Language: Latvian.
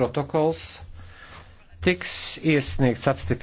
protokols tiks iesniegts apstiprinājums.